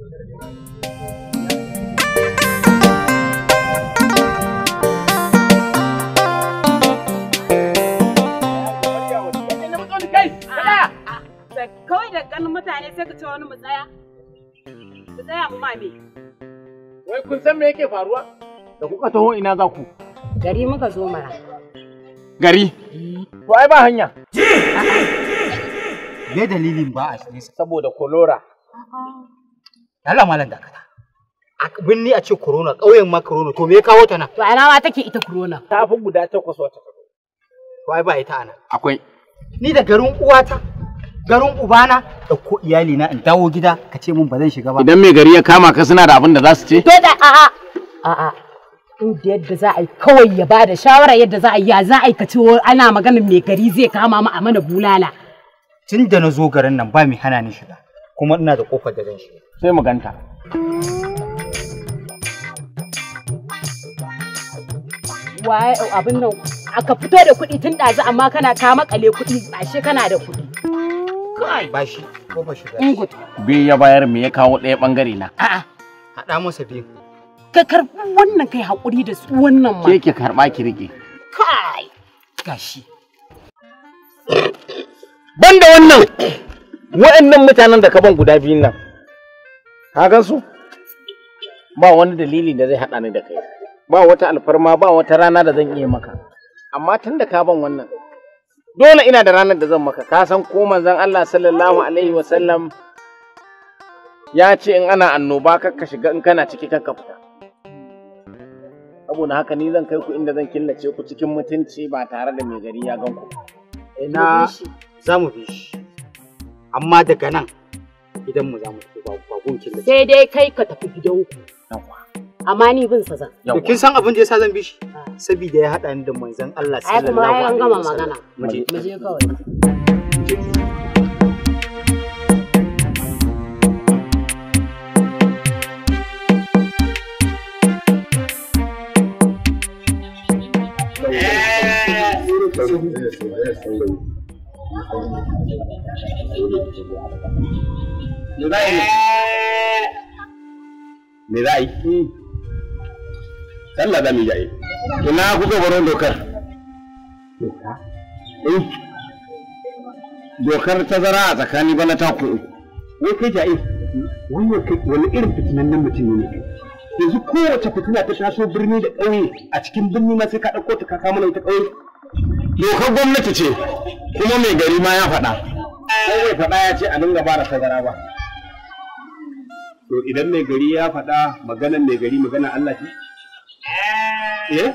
Kawai da ganin mutane sai ka wani mu tsaya. Mu Wai kun san me yake faruwa? Da kuka taho ina za ku? Gari muka zo mara. Gari? To ai ba hanya. Me dalilin ba a saboda kolora. Allah malam dakata. Abin ni a ce corona ƙauyen ma corona to me ya kawo ta nan? To ina ma take ita corona. Ta fi guda takwas wata. Wai ba ita ana. Akwai. Ni da garin uwata garin ubana da ko iyali na in dawo gida ka ce mun ba zan shiga ba. Idan mai gari ya kama ka suna da abin da za su ce? To da a'a a'a inda yadda za a yi kawai ya bada shawara yadda za a yi ya za a yi ka ce ana maganin mai gari zai kama mu a mana bulala. Tun da na zo garin nan ba mai hana ni shiga. kuma ina da kofar da zan shiga sai mu ganta waye abin nan aka fito da kuɗi tun ɗazu amma kana ka makale kuɗi ashe kana da kuɗi kai bashi kofar shiga ingut biyu ya bayar me ya kawo ɗaya bangare na a'a haɗa masa biyu ka karɓi wannan kai haƙuri da su wannan ma ke ke karɓa ki rike kai gashi banda wannan wa'annan mutanen da ka ban guda biyun nan ka gan su ba wani dalili da zai haɗa ni da kai ba wata alfarma ba wata rana da zan iya maka amma tun da ka ban wannan dole ina da ranar da zan maka ka san ko manzon Allah sallallahu alaihi wasallam ya ce in ana annoba kakka shiga in kana ciki ka fita saboda haka ni zan kai ku inda zan killace ku cikin mutunci ba tare da mai gari ya gan ku ina za mu bi shi amma daga nan idan mu za mu tafi ba gunkin da sai dai kai ka tafi gidan ku amma ni bin sa zan to kin san abin da yasa zan bi shi ah. saboda ya hada ni da manzon Allah sallallahu alaihi wasallam ai kuma gama magana mu je kawai yes, yes Me za a yi? Me za Eh. tazara a tsakani bana ta kuɗi. Wai Wani irin mutum ne yanzu kowace fitina ta taso birni da ƙauye a cikin birni ma sai ka ɗauko ta ka kama ta ƙauye dokar gwamnati ce kuma mai gari ma ya faɗa ko bai faɗa ya ce a dinga ba da tazara ba to idan mai gari ya faɗa magana mai gari magana Allah ce eh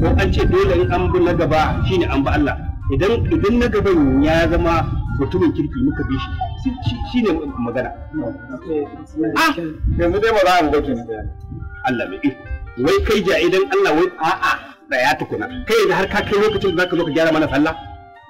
ko an ce dole in an bi na gaba shine an bi Allah idan idan na gaban ya zama mutumin kirki muka bi shi shine magana ah yanzu dai ba za mu gaci Allah mai wai kai ja idan Allah wai a'a da ya tukuna kai da har ka kai lokacin da zaka zo ka gyara mana sallah